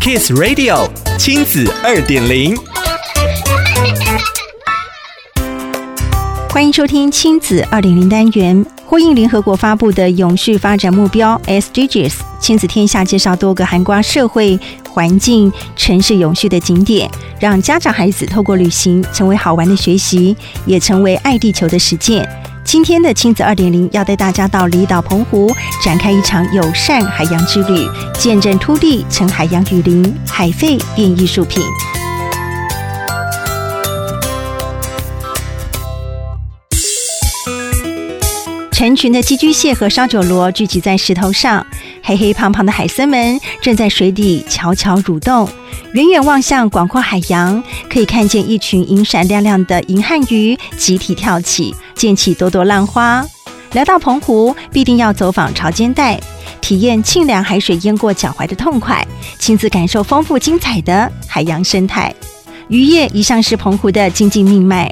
Kiss Radio 親子二點零，歡迎收聽親子二點零單元。呼應聯合國發布的永續發展目標 SDGs，親子天下介紹多個涵括社會、環境、城市永續的景點，讓家長孩子透過旅行成為好玩的學習，也成為愛地球的實踐。今天的親子二點零要帶大家到離島澎湖，展開一場友善海洋之旅，見證禿地成海洋雨林，海廢變藝術品。成群的寄居蟹和燒酒螺聚集在石頭上，黑黑胖胖的海參們正在水底悄悄蠕動。遠遠望向廣闊海洋，可以看見一群銀閃亮亮的銀漢魚集體跳起，濺起朵朵浪花。來到澎湖，必定要走訪潮間帶，體驗清涼海水淹過腳踝的痛快，親自感受豐富精彩的海洋生態。漁業一向是澎湖的經濟命脈。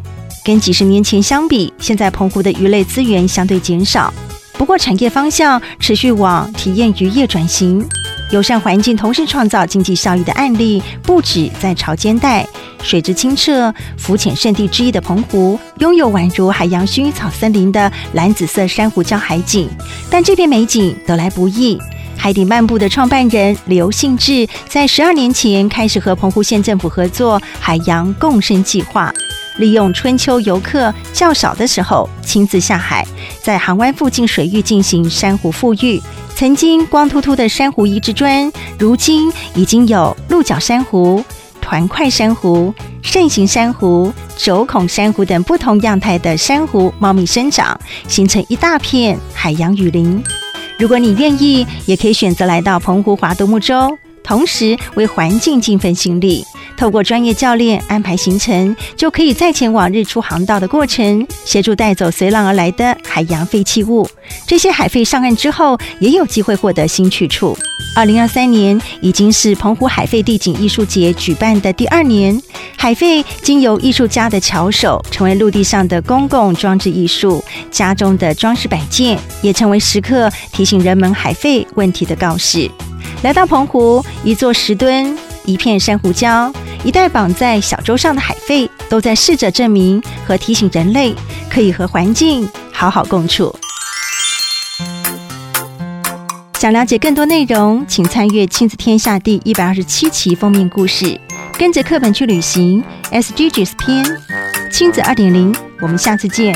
跟幾十年前相比，現在澎湖的魚類資源相對減少。不過，產業方向持續往體驗漁業轉型，友善環境同時創造經濟效益的案例不止在潮間帶。水質清澈、浮潛聖地之一的澎湖，擁有宛如海洋薰衣草森林的藍紫色珊瑚礁海景。但這片美景得來不易。海底漫步的創辦人劉興志，在十二年前開始和澎湖縣政府合作海洋共生計劃。利用春秋遊客較少的時候，親自下海，在海灣附近水域進行珊瑚復育。曾經光禿禿的珊瑚移植磚，如今已經有鹿角珊瑚、團塊珊瑚、扇形珊瑚、軸孔珊瑚等不同樣態的珊瑚茂密生長，形成一大片海洋雨林。如果你願意，也可以選擇來到澎湖划獨木舟，同時為環境盡份心力。透過專業教練安排行程，就可以在前往日出航道的過程，協助帶走隨浪而來的海洋廢棄物。這些海廢上岸之後，也有機會獲得新去處。二零二三年已經是澎湖海廢地景藝術節舉辦的第二年，海廢經由藝術家的巧手，成為陸地上的公共裝置藝術，家中的裝飾擺件，也成為時刻提醒人們海廢問題的告示。來到澎湖，一座石墩，一片珊瑚礁，一袋綁在小舟上的海廢，都在試着證明和提醒人類，可以和環境好好共處。 想了解更多內容，請參閱《親子天下》第一百二十七期封面故事，《跟着課本去旅行》SDGs 篇《親子二點零》。我們下次見。